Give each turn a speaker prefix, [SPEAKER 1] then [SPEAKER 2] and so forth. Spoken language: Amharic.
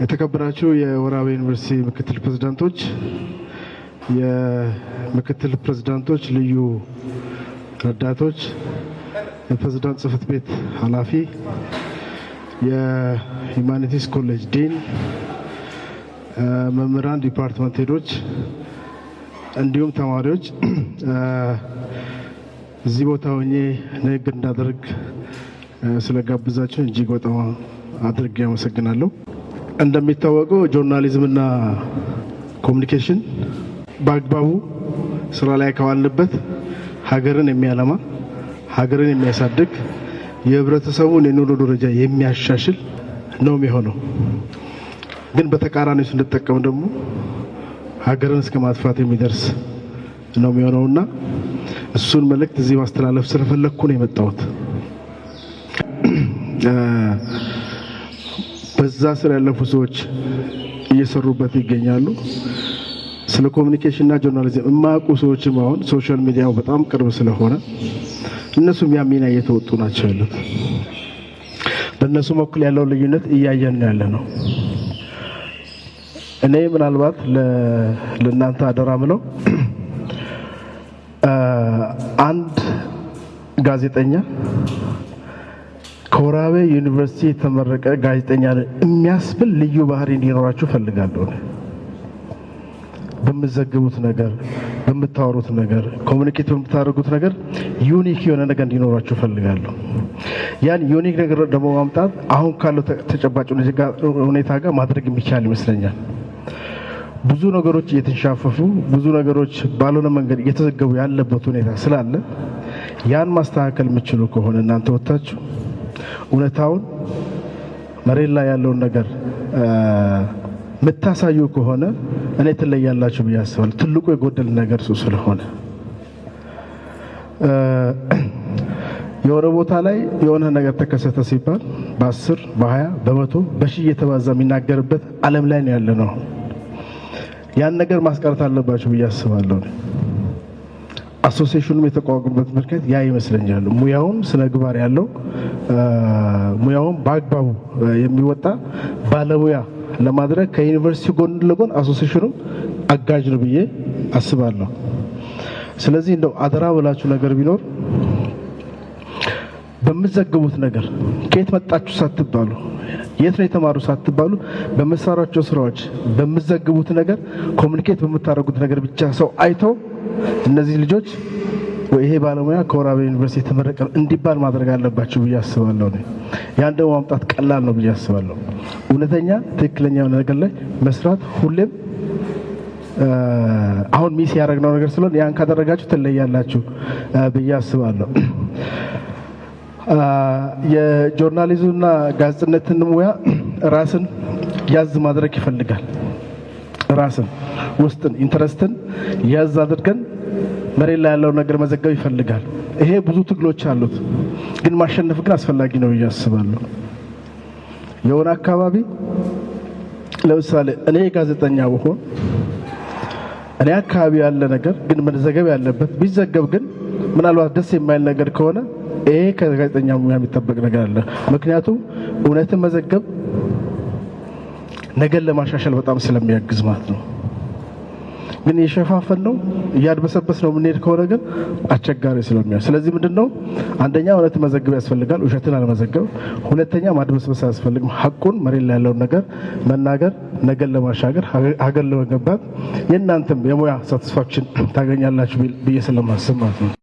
[SPEAKER 1] የተከበራችሁ የወራቤ ዩኒቨርሲቲ ምክትል ፕሬዝዳንቶች፣ የምክትል ፕሬዝዳንቶች ልዩ ረዳቶች፣ የፕሬዝዳንት ጽህፈት ቤት ኃላፊ፣ የሂማኒቲስ ኮሌጅ ዲን፣ መምህራን፣ ዲፓርትመንት ሄዶች እንዲሁም ተማሪዎች እዚህ ቦታ ሆኜ ንግግር እንዳደርግ ስለጋብዛችሁ እጅግ በጣም አድርጌ አመሰግናለሁ። እንደሚታወቀው ጆርናሊዝምና ኮሚኒኬሽን በአግባቡ ስራ ላይ ከዋልንበት ሀገርን የሚያለማ ሀገርን የሚያሳድግ የህብረተሰቡን የኑሮ ደረጃ የሚያሻሽል ነው የሚሆነው። ግን በተቃራኒ ስንጠቀም ደግሞ ሀገርን እስከ ማጥፋት የሚደርስ ነው የሚሆነውና እሱን መልእክት እዚህ ማስተላለፍ ስለፈለግኩ ነው የመጣሁት። በዛ ስራ ያለፉ ሰዎች እየሰሩበት ይገኛሉ። ስለ ኮሚኒኬሽን እና ጆርናሊዝም የማያውቁ ሰዎችም አሁን ሶሻል ሚዲያው በጣም ቅርብ ስለሆነ እነሱም ያ ሚና እየተወጡ ናቸው ያሉት። በእነሱ በኩል ያለው ልዩነት እያየን ያለ ነው። እኔ ምናልባት ለእናንተ አደራ ምለው አንድ ጋዜጠኛ ከወራቤ ዩኒቨርሲቲ የተመረቀ ጋዜጠኛ የሚያስብል ልዩ ባህሪ እንዲኖራችሁ ፈልጋለሁ። በምዘግቡት ነገር፣ በምታወሩት ነገር፣ ኮሚኒኬት በምታደርጉት ነገር ዩኒክ የሆነ ነገር እንዲኖራችሁ ፈልጋለሁ። ያን ዩኒክ ነገር ደግሞ ማምጣት አሁን ካለው ተጨባጭ ሁኔታ ጋር ማድረግ የሚቻል ይመስለኛል። ብዙ ነገሮች እየተንሻፈፉ ብዙ ነገሮች ባልሆነ መንገድ እየተዘገቡ ያለበት ሁኔታ ስላለ ያን ማስተካከል የምችሉ ከሆነ እናንተ ወታችሁ? እውነታውን መሬት ላይ ያለውን ነገር የምታሳዩ ከሆነ እኔ ትለያላችሁ ብዬ አስባለሁ። ትልቁ የጎደል ነገር እሱ ስለሆነ የሆነ ቦታ ላይ የሆነ ነገር ተከሰተ ሲባል በአስር በሀያ በመቶ በሺ እየተባዛ የሚናገርበት ዓለም ላይ ነው ያለ ነው። ያን ነገር ማስቀረት አለባቸው ብዬ አስባለሁ። አሶሲሽኑም የተቋቋመበት ምክንያት ያ ይመስለኛል። ሙያውም ስነግባር ያለው ሙያውን በአግባቡ የሚወጣ ባለሙያ ለማድረግ ከዩኒቨርሲቲ ጎን ለጎን አሶሴሽኑም አጋዥ ነው ብዬ አስባለሁ። ስለዚህ እንደው አደራ ብላችሁ ነገር ቢኖር በምዘግቡት ነገር ከየት መጣችሁ ሳትባሉ የት ነው የተማሩ ሳትባሉ በምሰሯቸው ስራዎች በምዘግቡት ነገር ኮሚኒኬት በምታደርጉት ነገር ብቻ ሰው አይተው እነዚህ ልጆች ይሄ ባለሙያ ከወራቤ ዩኒቨርሲቲ የተመረቀ እንዲባል ማድረግ አለባቸው ብዬ አስባለሁ። ያን ደግሞ ማምጣት ቀላል ነው ብዬ አስባለሁ። እውነተኛ ትክክለኛ የሆነ ነገር ላይ መስራት ሁሌም አሁን ሚስ ያደረግነው ነገር ስለሆነ ያን ካደረጋችሁ ትለያላችሁ ብዬ አስባለሁ። የጆርናሊዝምና ጋዜጠኝነትን ሙያ ራስን ያዝ ማድረግ ይፈልጋል። ራስን ውስጥን ኢንተረስትን ያዝ አድርገን መሬት ላይ ያለውን ነገር መዘገብ ይፈልጋል። ይሄ ብዙ ትግሎች አሉት፣ ግን ማሸነፍ ግን አስፈላጊ ነው ብዬ አስባለሁ። የሆነ አካባቢ ለምሳሌ እኔ ጋዜጠኛ ብሆን እኔ አካባቢ ያለ ነገር ግን መዘገብ ያለበት ቢዘገብ ግን ምናልባት ደስ የማይል ነገር ከሆነ ይሄ ከጋዜጠኛ ሙያ የሚጠበቅ ነገር አለ። ምክንያቱም እውነትን መዘገብ ነገን ለማሻሻል በጣም ስለሚያግዝ ማለት ነው። ግን የሸፋፈን ነው እያድበሰበስ ነው የምንሄድ ከሆነ ግን አስቸጋሪ ስለሚሆን፣ ስለዚህ ምንድን ነው አንደኛ እውነት መዘግብ ያስፈልጋል፣ ውሸትን አለመዘገብ። ሁለተኛ ማድበስበስ አያስፈልግም። ሀቁን መሬት ላይ ያለውን ነገር መናገር ነገን ለማሻገር ሀገር ለመገንባት የእናንተም የሙያ ሳትስፋክሽን ታገኛላችሁ ብዬ ስለማስብ ማለት ነው።